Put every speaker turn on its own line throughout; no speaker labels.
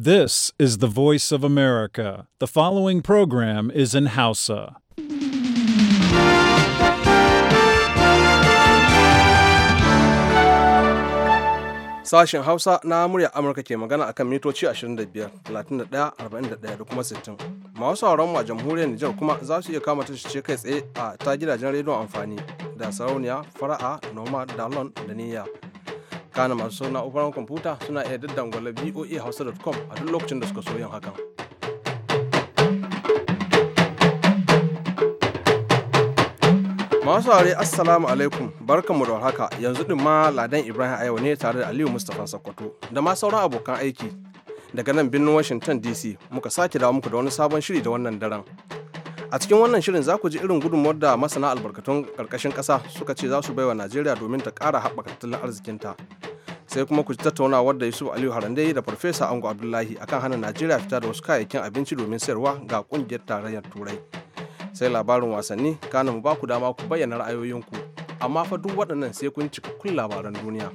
This is the voice of America. The following program is in Hausa.
Sashen Hausa na murya Amurka ke magana akan mitoci 25, 31, 41 da kuma 60. Masu sauranmu a jamhuriyar Nijar kuma za su iya kama tashoci kai tsaye a ta gidajen rediyon amfani da sarauniya, fara'a, noma, dalon da niyya. kana masu a na'urar kwamfuta suna iya daddan daddangwala voa hausa.com a duk lokacin da suka so yin hakan masu aure assalamu alaikum barkanmu da haka yanzu din ma ladan ibrahim ayawa ne tare da aliyu mustapha sokoto da ma sauran abokan aiki daga nan birnin washington dc muka sake dawo muku da wani sabon shiri da wannan daren a cikin wannan shirin za ku ji irin gudunmuwar da masana albarkatun karkashin kasa suka ce za su baiwa najeriya domin ta kara haɓaka tattalin arzikinta sai kuma ku tattauna wadda yusuf aliyu harande da farfesa ango abdullahi akan hana najeriya fita da wasu kayayyakin abinci domin sayarwa ga kungiyar tarayyar turai sai labarin wasanni kana mu ba ku dama ku bayyana ra'ayoyinku amma fa duk waɗannan sai kun cikakkun labaran duniya.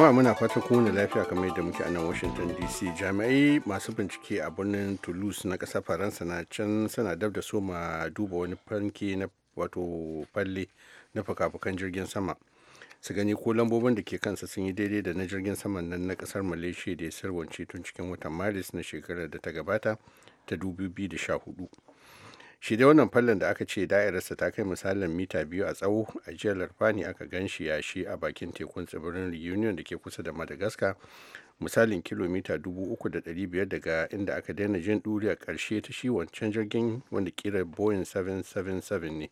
jama'a muna fatan kowane lafiya kamar yadda muke a nan washington dc jami'ai masu bincike a birnin toulouse na kasar faransa na can suna dab da soma duba wani fanke na wato falle na fuka-fukan jirgin sama su gani ko lambobin da ke kansa sun yi daidai da na jirgin saman nan na kasar malaysia da ya sirwance tun cikin watan maris na shekarar da ta gabata ta 2014 shi dai wannan fallon da aka ce da'irarsa ta kai misalin mita biyu a tsawo a jiyar larfani aka gan shi yashi a bakin tekun tsibirin reunion da ke kusa da madagascar misalin kilomita 3,500 daga inda aka daina jin duri a ƙarshe ta shi wancan jirgin wanda kira boeing 777 ne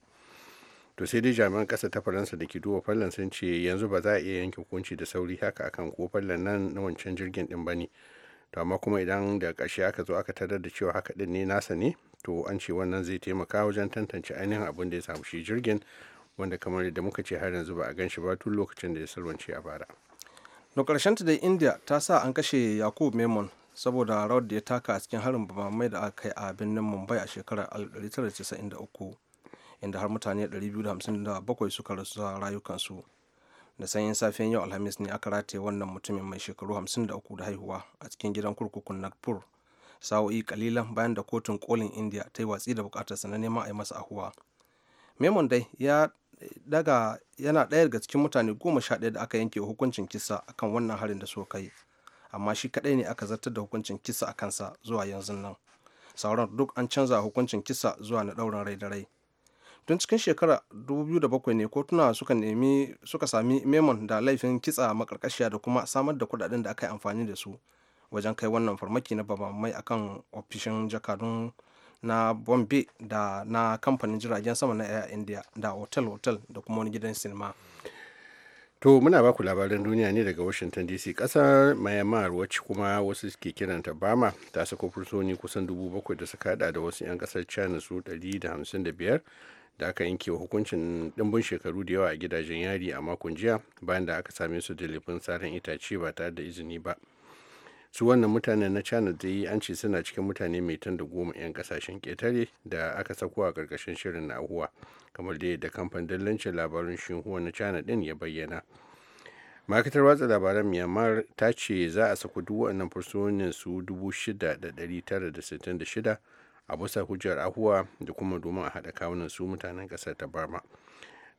to sai dai jami'an kasa ta faransa da ke duba fallon sun ce yanzu ba za a iya yanke hukunci da sauri haka akan ko fallon nan na wancan jirgin din ba ne to amma kuma idan da ƙarshe aka zo aka tarar da cewa haka ɗin ne nasa ne to an ce wannan zai taimaka wajen tantance ainihin abin da ya samu shi jirgin wanda kamar yadda muka ce har yanzu ba a gan shi ba tun lokacin da ya salwance a bara
no karshen da india ta sa an kashe yakub memon saboda rawar da ya taka a cikin harin mai da aka kai a birnin mumbai a shekarar 1993 inda har mutane 257 suka rasu rayukansu da sanyin safiyan yau alhamis ne aka rataye wannan mutumin mai shekaru 53 da haihuwa a cikin gidan kurkukun nagpur sa'o'i kalilan bayan da kotun kolin india ta yi watsi da bukatarsa na neman a yi masa ahuwa memon dai ya daga yana ɗaya daga cikin mutane goma sha ɗaya da aka yanke hukuncin kisa akan wannan harin da suka kai amma shi kaɗai ne aka zartar da hukuncin kisa a kansa zuwa yanzu nan sauran duk an canza hukuncin kisa zuwa na ɗaurin rai da rai tun cikin shekara 2007 ne kotuna suka nemi suka sami memon da laifin kitsa makarkashiya da kuma samar da kuɗaɗen da aka yi amfani da su wajen kai wannan farmaki na babamai kan ofishin jakadun na bombay da na kamfanin jiragen sama na air india da
otal hotel da kuma wani gidan sinima to muna baku labaran duniya ne daga washington dc kasar myanmar wacce kuma wasu suke kiranta bama ta sako fursoni kusan dubu bakwai da suka hada da wasu 'yan kasar china su 155 da da da biyar aka yanke hukuncin dimbin shekaru da yawa a gidajen yari a makon jiya bayan da aka same su da laifin tsarin itace ba tare da izini ba su wannan mutanen na china da yi an ce suna cikin mutane mai tan da goma 'yan kasashen ƙetare da aka sako a ƙarƙashin shirin na ahuwa kamar da da kamfan dillancin labarun shinhuwa na china din ya bayyana ma'aikatar watsa labaran myanmar ta ce za a sako duk waɗannan fursunonin su 6,966 a bisa hujjar ahuwa da kuma domin a haɗa kawunan su mutanen ƙasar ta barma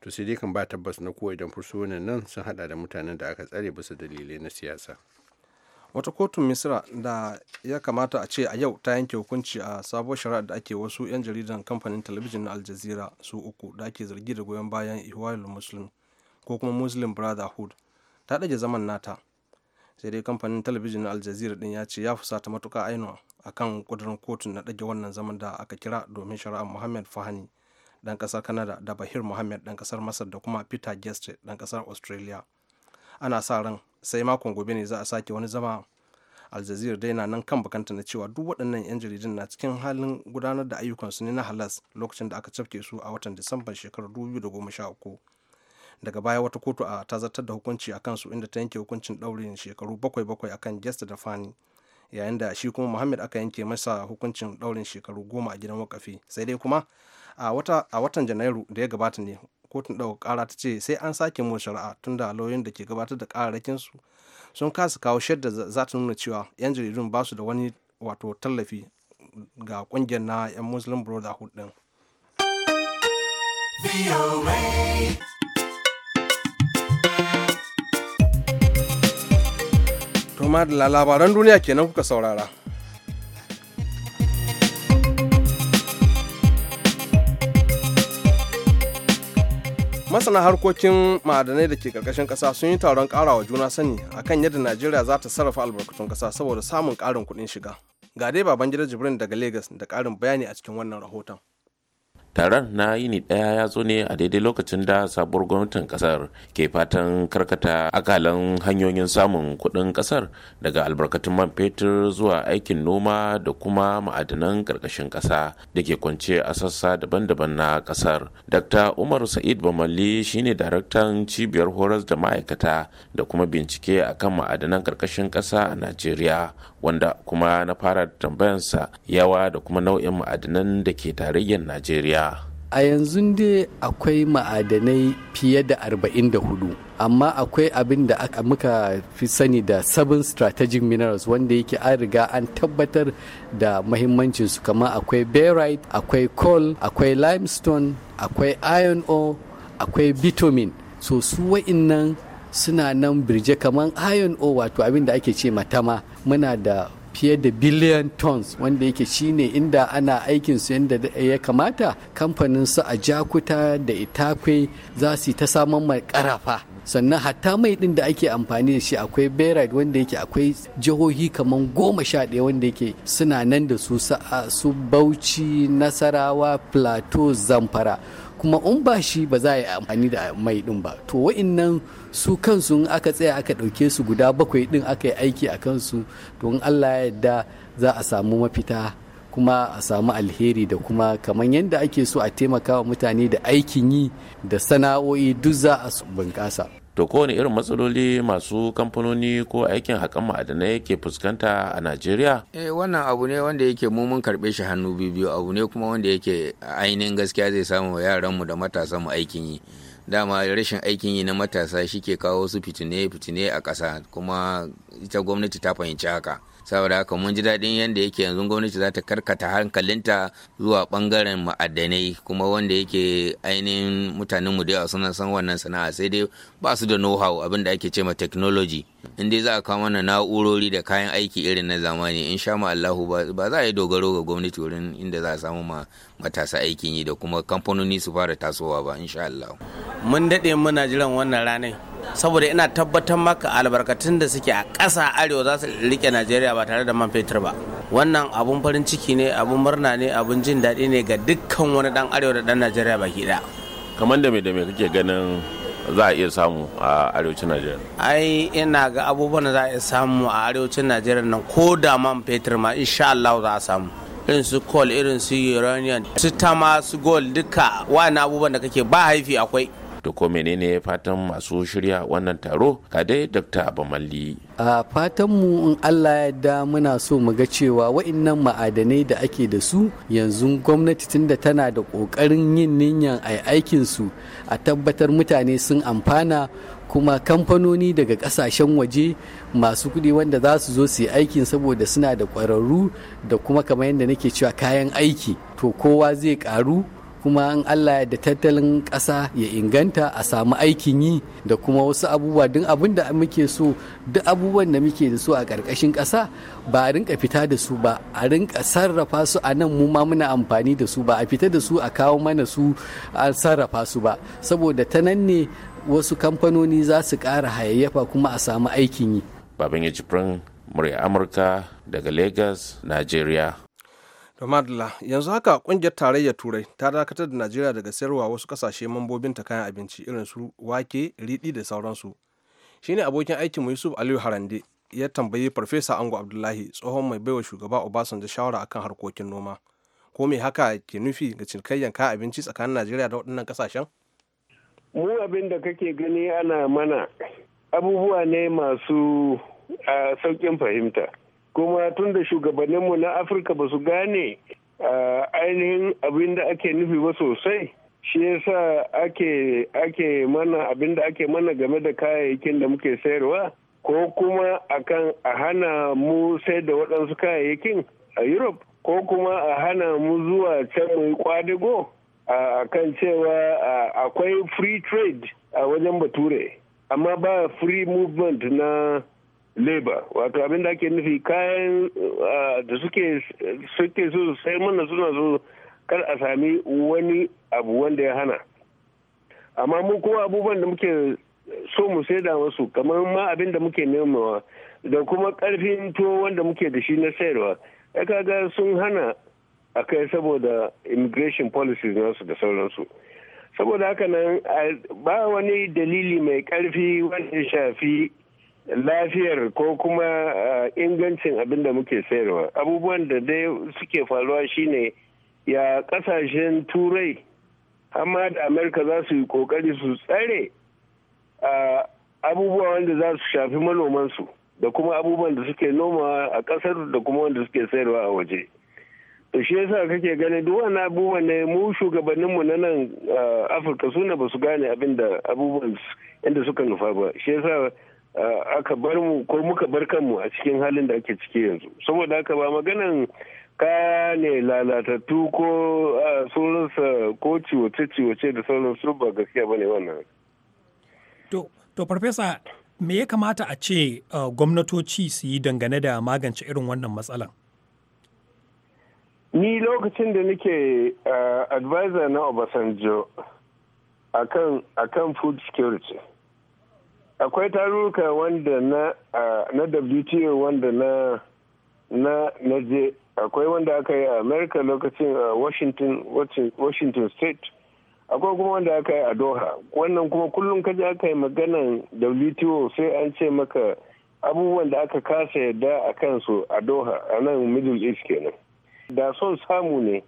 to sai dai kan ba tabbas na ko idan fursunonin nan sun haɗa da mutanen da aka tsare bisa dalilai na siyasa wata kotun
misira da
ya kamata a ce a yau ta yanke
hukunci a sabuwar shari'ar da ake wasu 'yan jaridan kamfanin talabijin na aljazira su uku da ake zargi da goyon bayan ihwalul muslim ko kuma muslim brotherhood ta ɗage zaman nata sai dai kamfanin talabijin na aljazira din ya ce ya fusata matuka ainihin kan kudurin kotun na ɗage wannan zaman da aka kira domin shari'ar muhammad fahani dan kasar kanada da bahir muhammad dan kasar masar da kuma peter gestre dan kasar australia ana sa ran sai makon gobe ne za a sake wani zama aljazir dai na nan kan bakanta na cewa duk waɗannan 'yan jaridun na cikin halin gudanar da ayyukan su ne na halas lokacin da aka cafke su a watan disamban shekarar 2013 daga baya wata kotu a ah, ta zartar da hukunci a kansu inda ta yanke hukuncin ɗaurin shekaru bakwai bakwai akan gesta da fani yayin da shi kuma muhammad aka yanke masa hukuncin ɗaurin shekaru goma a gidan wakafi sai dai kuma ah, a watan janairu da ya gabata ne kotun ɗaukar ƙara ta ce sai an sake mun shari'a tun da lauyoyin da ke gabatar da ƙararrakin su sun kasa kawo shaidar za ta nuna cewa yan jaridun ba su da wani wato tallafi ga ƙungiyar na yan muslim brotherhood din. To da labaran duniya kenan kuka saurara. masana harkokin ma'adanai da ke karkashin kasa sun yi taron karawa juna sani akan yadda najeriya za ta sarrafa albarkatun kasa saboda samun karin kuɗin shiga ga dai baban gida jibrin daga lagos da karin bayani a cikin wannan rahoton
taron na yini daya ya zo ne a daidai lokacin da sabuwar gwamnatin kasar ke fatan karkata akalan hanyoyin samun kuɗin kasar daga albarkatun man fetur zuwa aikin noma da kuma ma'adanan ƙarƙashin ƙasa da ke kwance a sassa daban-daban na kasar dr umar sa'id bamali shine daraktan cibiyar horas da ma'aikata da kuma bincike akan ma'adanan ƙarƙashin ƙasa a najeriya wanda kuma na fara tambayansa yawa da kuma nau'in ma'adanan da ke tarayyar najeriya
a yanzu dai akwai ma'adanai fiye da 44 amma akwai abin da aka muka fi sani da seven strategic minerals wanda yake an riga an tabbatar da mahimmancinsu kama akwai barite akwai coal akwai limestone akwai iron ore akwai bitumen so su wa'innan suna nan birje kaman iron o wato abin da ake ce matama muna da fiye da billion tons wanda yake shine inda ana aikin su yadda ya kamata kamfanin su a jakuta da itakwai za su yi ta saman mai karafa sannan hatta mai din da ake amfani da shi akwai beride wanda yake akwai jihohi kamar goma sha ɗaya wanda yake suna nan da su su bauchi nasarawa plateau zamfara kuma in ba shi ba za a yi amfani da mai din ba to wa'innan su kansu in aka tsaya aka ɗauke su guda bakwai din aka yi aiki a kansu to in allah ya yadda za a samu mafita kuma a samu alheri da kuma kamar yadda ake so a taimaka wa mutane da aikin yi da sana'o'i duk za a bunƙasa
to kowane irin matsaloli masu kamfanoni ko aikin haƙan ma'adanai yake fuskanta a najeriya
eh wannan
abu ne wanda yake mu mun karɓe shi hannu biyu abu ne kuma wanda yake ainihin gaskiya zai samu wa yaranmu da matasan mu aikin yi dama rashin aikin yi na matasa shi ke kawo su fitine fitine a ƙasa kuma ita gwamnati ta fahimci haka saboda haka mun ji daɗin yadda yake yanzu gwamnati za ta karkata hankalinta zuwa ɓangaren ma'adanai kuma wanda yake ainihin mutanenmu da yawa suna san wannan sana'a sai dai ba su da know-how abin da ake ce ma technology in dai za a kawo mana na'urori da kayan aiki irin na zamani in sha Allahu ba za a yi dogaro ga gwamnati wurin inda za a samu ma matasa aikin yi da kuma kamfanoni su fara tasowa ba in sha Allahu. Mun daɗe muna jiran wannan ranar saboda ina tabbatar maka albarkatun da
suke a ƙasa arewa za su rike Najeriya ba tare da man fetur ba. Wannan abun farin ciki ne abun murna ne abun jin daɗi ne ga dukkan wani ɗan arewa da ɗan Najeriya baki ɗaya. Kamar da me da me kake ganin za a iya samu a arewacin najeriya ai ina ga abubuwan da za a iya samu a arewacin najeriya nan ko da man fetur ma insha Allah za a samu irin su coal irin su uranium su tama su gold duka wani abubuwan da kake ba haifi akwai da ko menene fatan masu shirya wannan taro ga dai dr bamalli
a fatanmu in allah ya da muna so mu ga cewa wa'annan ma'adanai da ake da su yanzu gwamnati tunda tana da kokarin yin niyyar aikin su a tabbatar mutane sun amfana kuma kamfanoni daga kasashen waje masu kuɗi wanda za su zo su yi aikin saboda suna da ƙwararru da kuma kamar yadda nake cewa kayan aiki to kowa zai ƙaru kuma in Allah da tattalin ƙasa ya inganta a samu aikin yi da kuma wasu abubuwa duk abin da muke so duk abubuwan da muke da su a ƙarƙashin ƙasa ba a rinka fita da su ba a rinka sarrafa su a nan mu ma muna amfani da su ba a fita da su a kawo mana su a sarrafa su ba saboda ta nan ne wasu kamfanoni za su ƙara hayayyafa kuma a samu aikin yi.
Baban ya murya Amurka daga Lagos, Nigeria.
Ramadala yanzu haka kungiyar tarayyar turai ta dakatar da Najeriya daga sayarwa wasu kasashe mambobin ta kayan abinci irin su wake, riɗi da sauransu. ne abokin aikin mu Yusuf Aliyu Harande ya tambayi Farfesa Ango Abdullahi tsohon mai baiwa shugaba Obasanjo shawara akan harkokin noma. Ko me haka ke nufi ga cinikayyar kayan abinci tsakanin Najeriya da waɗannan kasashen?
Mu abin da kake gani ana mana abubuwa ne masu ah, sauƙin fahimta. kuma tun da shugabanninmu na afirka ba su gane ainihin abin da ake nufi ba sosai shi yasa ake ake mana abin da ake mana game da kayayyakin da muke sayarwa ko kuma akan a hana mu sai da waɗansu kayayyakin a europe ko kuma a hana mu zuwa can mu yi kwadago a kan cewa akwai free trade a wajen bature amma ba free movement na leba wato abin da ake nufi kayan da suke suke so sai mana suna zo kar a sami wani abu wanda ya hana amma mu kuma abubuwan da muke so mu saida wasu kamar ma abin da muke nemawa da kuma karfin tuwo wanda muke da shi na sayarwa ya kaga sun hana a kai saboda immigration policies nasu da sauransu saboda haka nan ba wani dalili mai karfi wanda ya shafi lafiyar ko kuma eh, ingancin abin da muke sayarwa abubuwan da dai suke faruwa shine ya kasashen turai amma da amurka za su yi kokari su tsare eh, abubuwa wanda za su shafi manomansu da kuma abubuwan da suke nomawa a kasar da kuma wanda suke sayarwa a waje to shi yasa kake ganin duk wani abubuwan ne mu shugabanninmu na nan eh, afirka suna ba su gane abin da abubuwan inda suka nufa ba shi yasa aka bar mu ko muka bar kanmu a cikin halin da ake ciki yanzu saboda haka ba maganan kaya ne lalatattu ko sauransa ko ciwace-ciwace da sauransu ba gaskiya ba ne wannan
to farfesa me ya kamata a ce gwamnatoci su yi dangane da magance irin wannan matsalan
ni lokacin da nake advisor na obasanjo akan food security akwai taruka wanda na WTO wanda na na naje. akwai wanda aka yi a America lokacin a Washington state akwai kuma wanda aka yi a Doha wannan kuma kullum kaji aka yi maganan WTO sai an ce maka abubuwan da aka kasa yadda a kansu a Doha a nan Middle East kenan da son samu ne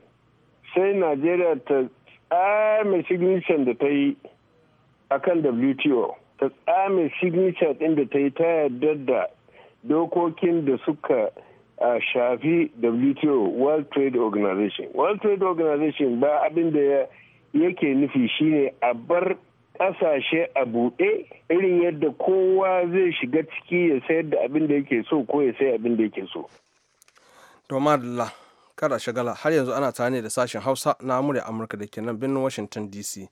sai nigeria ta tsame signature da ta yi a akan WTO ta tsame signature ɗin da ta yi ta yarda da dokokin da suka shafi WTO World Trade Organization. World Trade Organization ba abin da yake nufi shine a bar ƙasashe a buɗe irin yadda kowa zai shiga ciki ya sayar da abin da yake so ko ya sai abin da yake so.
Domadala, kada shagala har yanzu ana tare da sashen Hausa na Amurka da ke nan birnin Washington DC.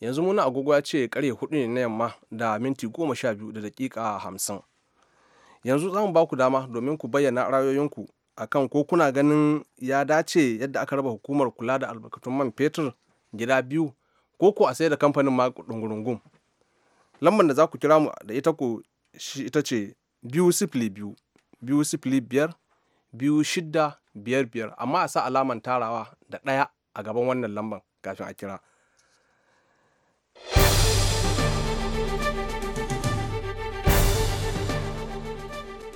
yanzu muna agogo ya ce kare hudu ne na yamma da minti goma sha biyu da dakika hamsin yanzu za mu ba ku dama domin ku bayyana ra'ayoyinku akan ko kuna ganin ya dace yadda aka raba hukumar kula da albarkatun man fetur gida biyu ko ko a sai da kamfanin ma dungurungun lambar da za ku kira mu da ita ko ita ce biyu sifili biyu biyu sifili biyar biyu shidda biyar biyar amma a sa alaman tarawa da ɗaya a gaban wannan lambar kafin a kira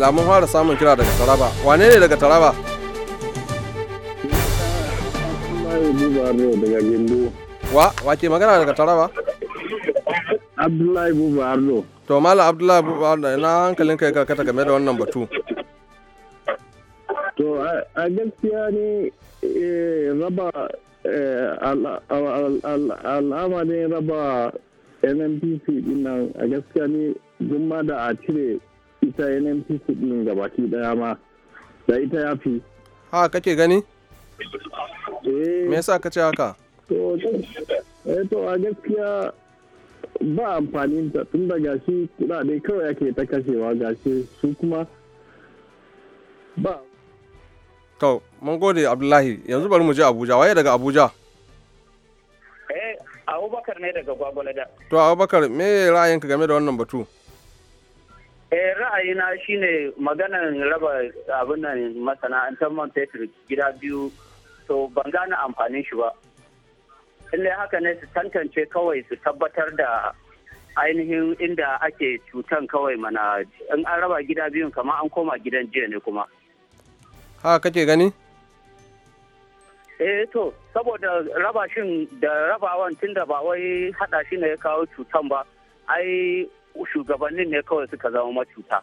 la mun fara samun kira daga taraba wane ne daga taraba wa wa magana daga taraba abdullahi buba to mala abdullahi buba ardo ina hankalin kai karkata game da wannan batu
to a gaskiya ne
eh, raba eh, al'ama ne raba nnpc din a gaskiya ne Jumma da a cire ita
NMPC din gabaki daya ma da ita ya fi. Ha kake gani? Eh. Me yasa ka ce haka? To, eh, a gaskiya
ba amfani ta tun da gashi kudade kawai yake ta kashewa gashi su kuma
ba.
To, mun gode Abdullahi yanzu bari mu je Abuja waye daga Abuja?
Eh, Abubakar ne daga Gwagwalada.
To, Abubakar me ra'ayinka game da wannan batu?
Eh ra'ayina
shine maganar raba abin nan masana'antar man fetur gida biyu to ban gane amfanin shi ba. dai haka ne su tantance kawai su tabbatar da ainihin inda ake cutan kawai mana in an raba gida biyun kamar an koma gidan jiya ne kuma.
Ha kake gani?
Eh to saboda raba shin da rabawan tunda ba wai hada shi ne ya kawo cutan ba ai shugabannin ne kawai suka zama macuta.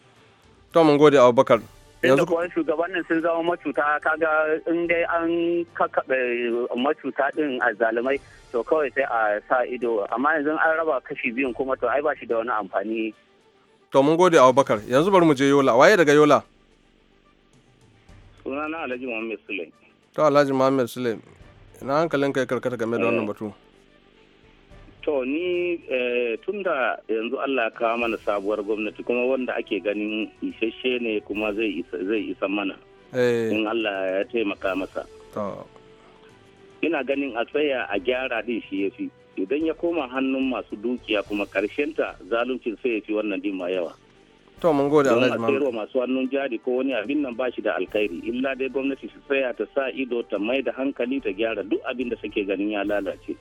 To mun gode Abubakar. Yanzu kuwa
shugabannin sun zama macuta kaga in dai an kakaɓe macuta ɗin a zalimai to kawai sai a sa ido amma yanzu an raba kashi biyun kuma to ai ba shi da wani amfani.
To mun gode Abubakar yanzu bari mu je Yola waye daga Yola.
Sunana Alhaji Muhammad Sule.
To Alhaji Muhammad Sule ina hankalin kai karkata game da wannan eh. batu.
To ni eh, tun da yanzu Allah kawo mana sabuwar gwamnati kuma wanda ake ganin isasshe ne kuma zai isa mana. Eh. In Allah ya taimaka masa. Ina ganin a tsaya a gyara din shi ya fi. Idan ya koma hannun masu dukiya kuma ta zaluncin sai ya fi wannan din ma yawa.
To mun gode Allah
masu hannun jari ko wani abin nan bashi da alkhairi. Illa dai gwamnati su tsaya ta sa ido ta mai da hankali ta gyara duk abin da suke ganin ya lalace.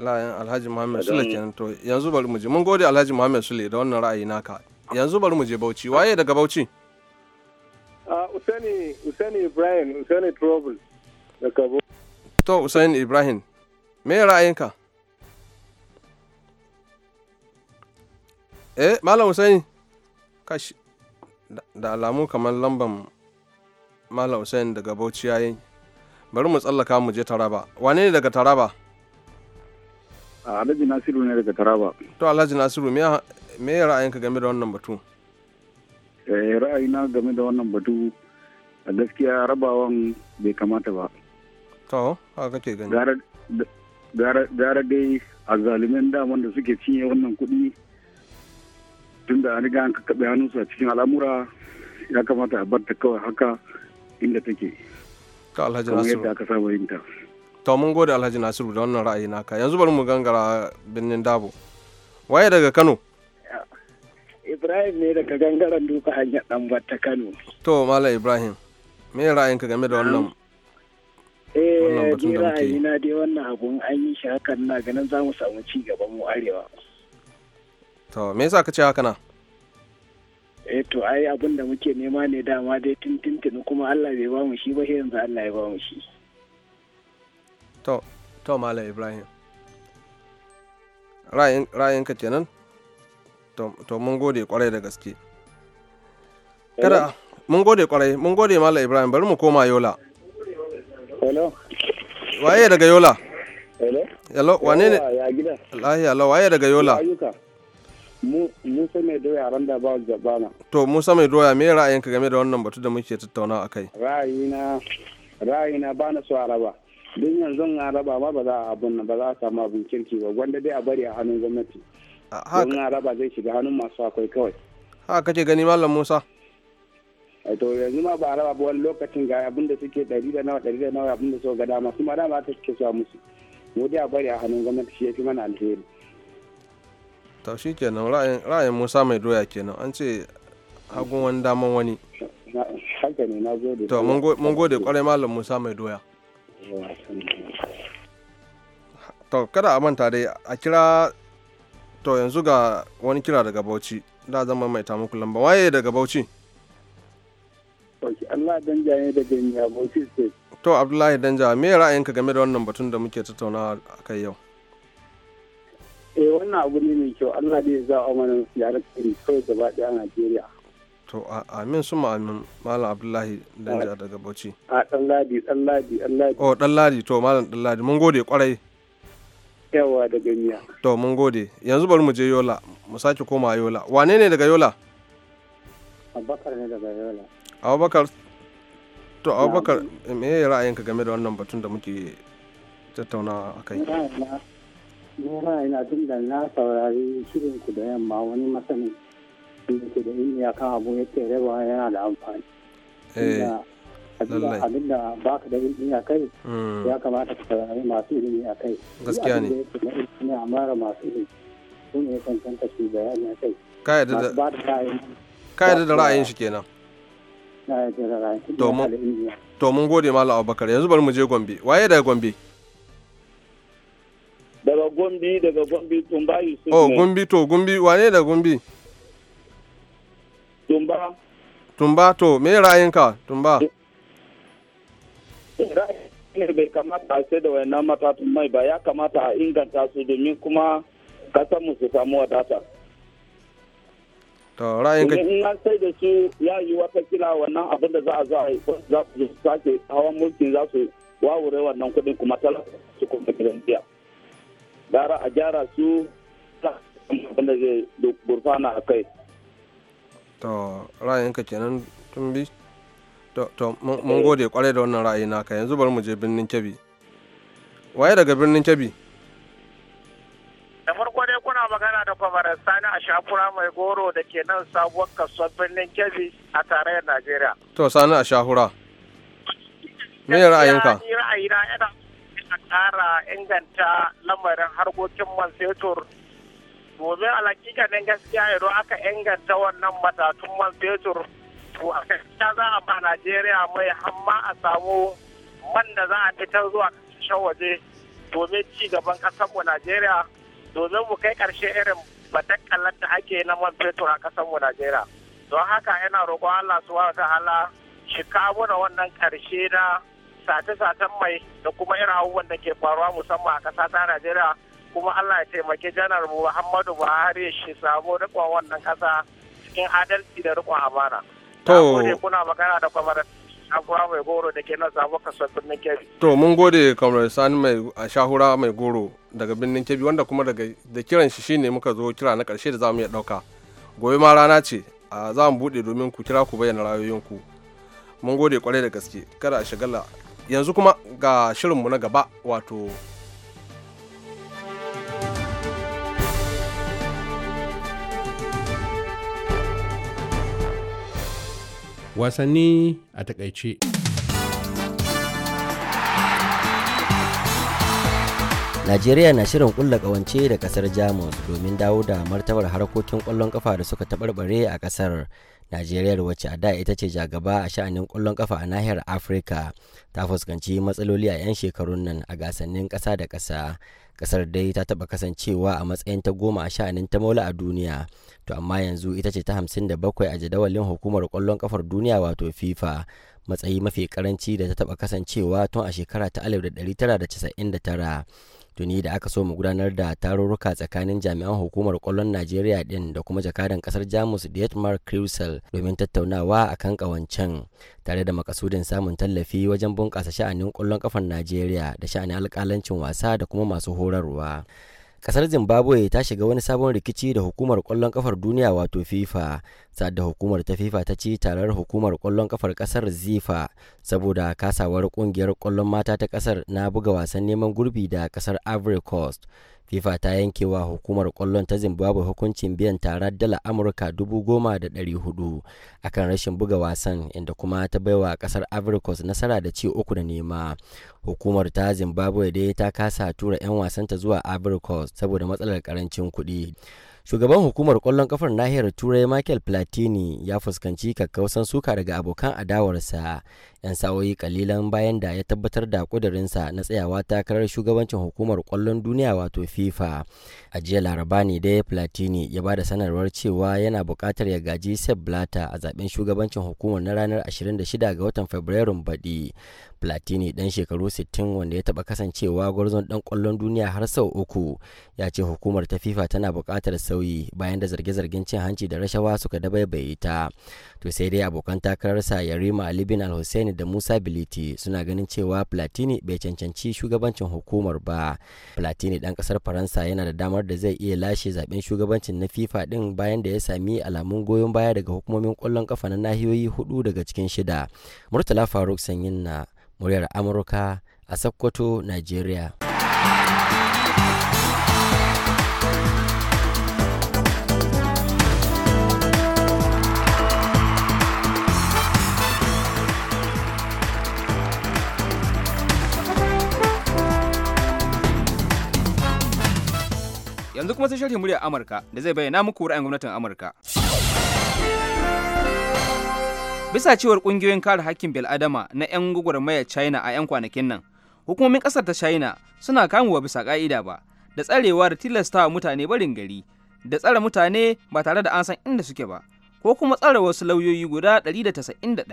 ra'ayin alhaji muhammad sule kenan to yanzu bari mu je mun gode alhaji muhammad sule da wannan ra'ayi naka yanzu bari mu je bauchi waye daga bauchi
ah, Usaini Usaini Ibrahim Usaini Trouble daga Bauchi
to Usaini Ibrahim me ra'ayinka eh malam Usaini kashi da alamu kamar lamban malam Usaini daga Bauchi yayin bari mu tsallaka mu je Taraba wane ne daga Taraba
Alhaji Nasiru ne daga Taraba.
To Alhaji Nasiru me ya ra'ayinka game da wannan batu? Eh
ra'ayina game da wannan batu a gaskiya rabawan bai kamata ba.
To haka kake gani.
Gara dai a zalimin daman da suke cinye wannan kuɗi tun da an riga an kakkaɓe hannunsu a cikin al'amura ya kamata a bar ta kawai haka inda take.
Ka Alhaji Nasiru. Kamar yadda aka saba yin ta. to mun gode alhaji nasiru da wannan ra'ayi naka yanzu bari mu gangara birnin dabo waye daga kano
ibrahim ne daga gangaren duka hanyar dan ta kano
to malam ibrahim me ra'ayinka game da wannan
eh ni ra'ayi na dai wannan abun an yi shi hakan na ganin za mu samu ci gaban mu arewa
to me yasa ka ce haka na
eh to ai abun da muke nema ne dama dai tintintini kuma Allah bai ba mu shi ba yanzu Allah ya ba mu shi
to to malam ibrahim ka kenan to mun gode kwarai da gaske kada mun gode kwarai mun gode malam ibrahim bari mu koma yola hello waye daga yola hello hello wane ne lahiya lawa waye daga yola
Mu Musa mai doya ran da ba jabana.
To Musa mai doya me ka game da wannan batu da muke tattauna a kai?
Ra'ayina ra'ayina ba na araba. don yanzu a raba ma ba za a abun ba za a samu abun kirki ba gwanda dai a bari a hannun gwamnati don a raba zai shiga hannun masu akwai kawai
ha kace gani malam musa
to yanzu ma ba a raba ba wani lokacin ga abin da suke ɗari da nawa ɗari da nawa abin da suka ga dama su ma dama ta suke suwa musu mu dai a bari a hannun gwamnati shi ya fi mana alheri
to shi kenan ra'ayin musa mai doya kenan an ce hagun wani daman wani
haka ne na gode to mun gode kwarai
malam musa mai doya to kada a manta dai a kira to yanzu ga wani kira daga bauchi da zama mai ta muku lamba waye daga bauchi
Bauchi Allah dan jaye daga Nya Bauchi State.
To Abdullahi Danja me ra'ayinka game da wannan batun da muke tattaunawa a kai yau?
Eh wannan abu ne mai kyau Allah ne ya zaɓa mana ziyarar kiri kawai gaba ɗaya a Najeriya.
to amin su ma'amin malam abdullahi danja daga bauchi
a dan ladi dan ladi dan
ladi oh dan ladi to malam dan ladi mun gode kwarai
yawa da ganiya.
to mun gode yanzu bari mu je yola mu sake koma yola wane ne daga yola
abubakar ne daga yola
abubakar to abubakar me ya ra'ayinka game da wannan batun da muke tattauna a kai
ni ra'ayina tun da na saurari shirin ku da yamma wani masanin mutum eh, da ilimi abu yake raba yana da amfani abin da ba ka da ilimi a kai hmm. ya kamata ka saurari masu ilimi a kai gaskiya ne a mara masu ilimi su ne su bayani a kai
ka yadda da ra'ayin shi kenan to mun gode malam abubakar yanzu bari mu je gombe waye daga gombe
daga gombe daga gombe tun oh gombe
to gombe wane daga gombe Tumba. Tumba to me ra'ayinka Tumba?
Eh, Ra'ayin bai kamata a sai da wayannan matatun mai ba ya kamata a inganta su domin kuma kasan mu su samu wadata.
To ra'ayinka? In
an sai da su ya yi wata kila wannan abin da za a za a yi sake hawan mulki za su wawure wannan kuɗin kuma talaka su kuma gidan biya. Gara a gyara su ta abin da zai burfana a kai.
to ra'ayinka kenan bi? to mun gode kwarai da wannan ra'ayi naka yanzu bari mu je birnin kebi. waye daga birnin kebi?
da farko dai kuna magana da kwamarar sani a shakura mai goro da ke nan sabuwar kasuwar birnin kebi a tarayyar najeriya
to sani a shahura me ra'ayinka
ra'ayina yana a ƙara inganta lamarin harkokin man fetur gobe a ne gaskiya idan aka inganta wannan matatun man fetur to a gaskiya za a ba najeriya mai hamma a samu man da za a fitar zuwa kasashen waje domin ci gaban mu najeriya domin mu kai karshe irin batakalar da ake na man fetur a mu najeriya don haka yana roƙon allah Su wata ta'ala shi kawo na wannan karshe na sace-sacen mai da kuma irin abubuwan da ke faruwa musamman a ƙasa ta najeriya kuma Allah ya taimake janar Muhammadu Buhari shi samu rikon wannan kasa cikin adalci da rikon amana.
To. kuna
magana da kwamar shahura mai goro da ke nan sabo kasuwar birnin Kebbi.
To mun gode kamar sani mai shahura mai goro daga birnin Kebbi wanda kuma daga da kiran shi shine muka zo kira na karshe da za mu iya ɗauka. Gobe ma rana ce za mu bude domin ku kira ku bayyana rayoyinku. Mun gode kwarai da gaske kada a shagala yanzu kuma ga shirinmu na gaba wato
wasanni
a takaice.
Najeriya na shirin kulla kawance da kasar Jamus domin dawo da martabar harkokin kwallon kafa da suka taɓarɓare a kasar Najeriyar wacce a da ita ce jagaba a sha'anin ƙwallon kafa a nahiyar Afirka ta fuskanci matsaloli a 'yan shekarun nan a gasannin kasa da kasa kasar dai ta taba kasancewa a matsayin ta goma a sha'anin ta maula a duniya, to amma yanzu ita ce ta hamsin da bakwai a jadawalin hukumar kwallon kafar duniya wato FIFA. Matsayi mafi karanci da ta taba kasancewa tun a shekara ta 1999. tuni da aka so mu gudanar da tarurruka tsakanin jami'an hukumar kwallon najeriya din da kuma jakadan kasar jamus da dietmar krusel domin tattaunawa a kan kawancen tare da makasudin samun tallafi wajen bunƙasa sha'anin kwallon kafar najeriya da sha'anin alƙalancin wasa da kuma masu horarwa kasar zimbabwe ta shiga wani sabon rikici da hukumar kwallon kafar duniya wato fifa da hukumar ta fifa ta ci tarar hukumar kwallon kafar kasar zifa saboda kasawar kungiyar kwallon mata ta kasar na buga wasan neman gurbi da kasar ivory coast fifa ta yanke wa hukumar kwallon ta zimbabwe hukuncin biyan tarar dala amurka dubu goma da ɗari hudu akan rashin buga wasan inda kuma ta baiwa kasar Coast nasara da ci uku da nema hukumar ta zimbabwe dai ta kasa tura 'yan wasanta zuwa Coast saboda matsalar karancin kuɗi shugaban hukumar kwallon kafar nahiyar turai michael platini ya fuskanci kakkausan suka daga abokan adawarsa yan sa'o'i kalilan bayan da ya tabbatar da kudurinsa na tsayawa takarar shugabancin hukumar kwallon duniya wato fifa a jiya laraba ne dai platini ya ba da sanarwar cewa yana bukatar ya gaji sep blatter a zaben shugabancin hukumar na ranar 26 ga watan fabrairun baɗi platini dan shekaru 60 wanda ya taba kasancewa gwarzon dan kwallon duniya har sau uku ya ce hukumar ta fifa tana buƙatar sauyi bayan da zarge-zargen cin hanci da rashawa suka da dabaibaye ta to sai dai abokan takararsa yarima ali bin al hussein da musa biliti suna ganin cewa platini bai cancanci shugabancin hukumar ba platini dan kasar faransa yana da damar da zai iya lashe zaben shugabancin na fifa din bayan da ya sami alamun goyon baya daga hukumomin kwallon kafa na nahiyoyi hudu daga cikin shida murtala faruk sanyin na muryar amurka a sokoto nigeria
yanzu kuma sai shirin muryar amurka da zai bayyana muku ra'ayin gwamnatin amurka bisa cewar kungiyoyin kare hakkin bil'adama na 'yan gwagwarmaya china a 'yan kwanakin nan hukumomin ƙasar ta china suna kamuwa bisa ƙa'ida ba da tsarewa da tilastawa mutane barin gari da tsare mutane ba tare da an san inda suke ba ko kuma tsare wasu lauyoyi guda 191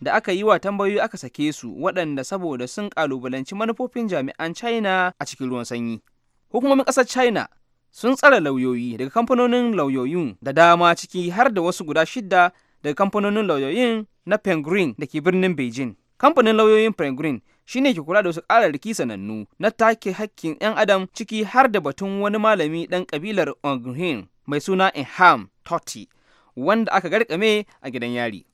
da aka yi wa tambayoyi aka sake su waɗanda saboda sun kalubalanci manufofin jami'an china a cikin ruwan sanyi hukumomin ƙasar china sun tsare lauyoyi daga kamfanonin lauyoyin da dama ciki har da wasu guda shidda daga kamfanonin lauyoyin na Penguin da ke birnin Beijing. Kamfanin lauyoyin Penguin shine ne ke kula da wasu ƙararraki sanannu na take hakkin 'yan adam ciki har da batun wani malami ɗan ƙabilar Ongrin mai suna Inham Totti wanda aka garkame a gidan yari.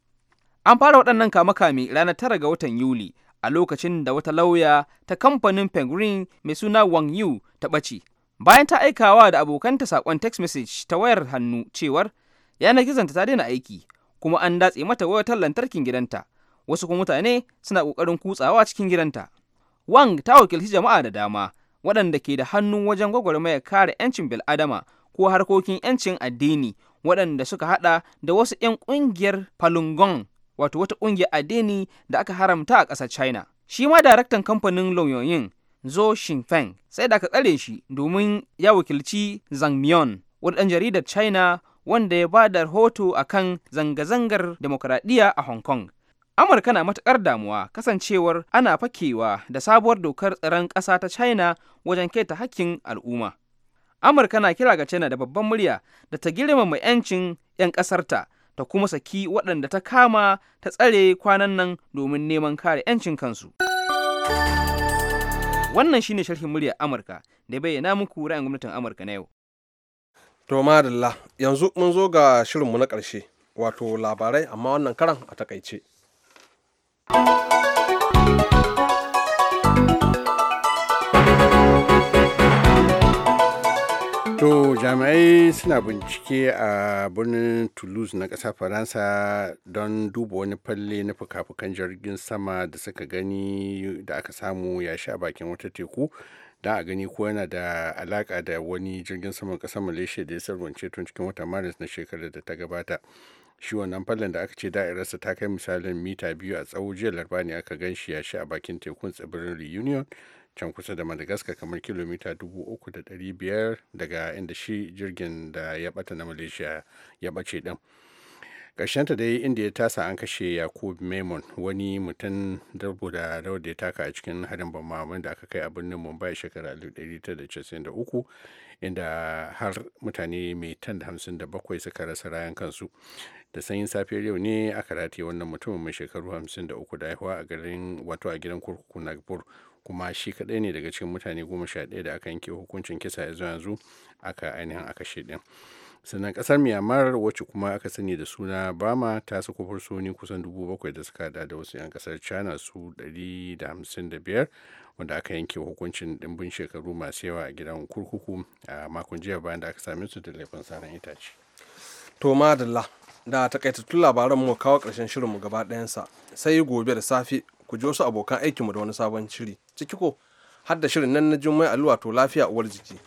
An fara waɗannan kame-kame ranar tara ga watan Yuli a lokacin da wata lauya ta kamfanin Penguin mai suna Wang Yu ta ɓace. Bayan ta aikawa da abokanta saƙon text message ta wayar hannu cewar yanar gizonta ta daina aiki kuma an datse mata wayar lantarkin gidanta wasu kuma mutane suna ƙoƙarin kutsawa cikin gidanta wang ta wakilci jama'a da dama waɗanda ke da hannu wajen gwagwarmaya kare 'yancin bil'adama ko harkokin 'yancin addini waɗanda suka haɗa da wasu 'yan ƙungiyar Falun Gong wato wata ƙungiyar addini da aka haramta a ƙasar China. Shi ma daraktan kamfanin Lonyoyin Zo Shinfeng sai da aka tsare shi domin ya wakilci Zhang Mion, wani ɗan jaridar China wanda ya ba da rahoto a kan zanga-zangar demokuraɗiyya a Hong Kong. Amurka na matuƙar damuwa kasancewar ana fakewa da sabuwar dokar tsaron ƙasa ta China wajen keta hakkin al'umma. Amurka na kira ga China da babban murya da ta girmama 'yancin 'yan ƙasarta ta kuma saki waɗanda ta kama ta tsare kwanan nan domin neman kare 'yancin kansu. Wannan shine sharhin muryar Amurka da bayyana muku ra'ayin gwamnatin Amurka na yau. To madalla
yanzu mun zo ga shirinmu na ƙarshe wato labarai
amma wannan karan
a takaice.
To jami'ai suna bincike a birnin Toulouse na ƙasar Faransa don duba wani falle na fuka-fukan jirgin sama da suka gani da aka samu yashi a bakin wata teku da a gani ko yana da alaka da wani jirgin saman kasar malaysia da ya sarwance tun cikin watan maris na shekarar da ta gabata shi wannan fallon da aka ce da'irarsa ta kai misalin mita biyu a tsawo jiya larba ne aka gan shi yashi a bakin tekun tsibirin reunion can kusa da madagascar kamar kilomita 3,500 daga inda shi jirgin da ya bata na malaysia ya bace din karshenta dai inda ya tasa an kashe yakub maimon wani mutum darbo da rawar ya taka a cikin harin bamaman da aka kai a birnin mumbai shekara 1993 inda har mutane mai tan da hamsin da bakwai suka rasa rayan kansu da sanyin safiyar yau ne aka rataye wannan mutumin mai shekaru hamsin da uku da haihuwa a garin wato a gidan kurkuku nagpur kuma shi kadai ne daga cikin mutane goma sha ɗaya da aka yanke hukuncin kisa ya yanzu aka ainihin aka shi ɗin. sannan kasar myanmar wacce kuma aka sani da suna bama ta sako fursoni kusan bakwai da suka hada da wasu 'yan kasar china su 155 wanda aka yanke hukuncin dimbin shekaru masu yawa a gidan kurkuku a makon jiya bayan da aka same su da laifin saran itace to madalla da takaitattun labaran mu kawo karshen shirin
mu gaba ɗayansa sai gobe da safe ku ji wasu abokan aikinmu da wani sabon shiri ciki ko har da shirin nan na jummai aluwa to lafiya uwar jiki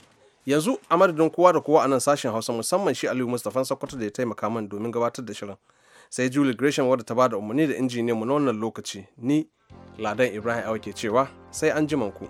yanzu a madadin kowa da kowa a nan sashen hausa musamman shi aliyu mustapha sokoto da ya taimaka min domin gabatar da shirin sai julie gresham wadda ta bada umarni da injiniyan mu na wannan lokaci ni ladan ibrahim awa ke cewa sai an ku.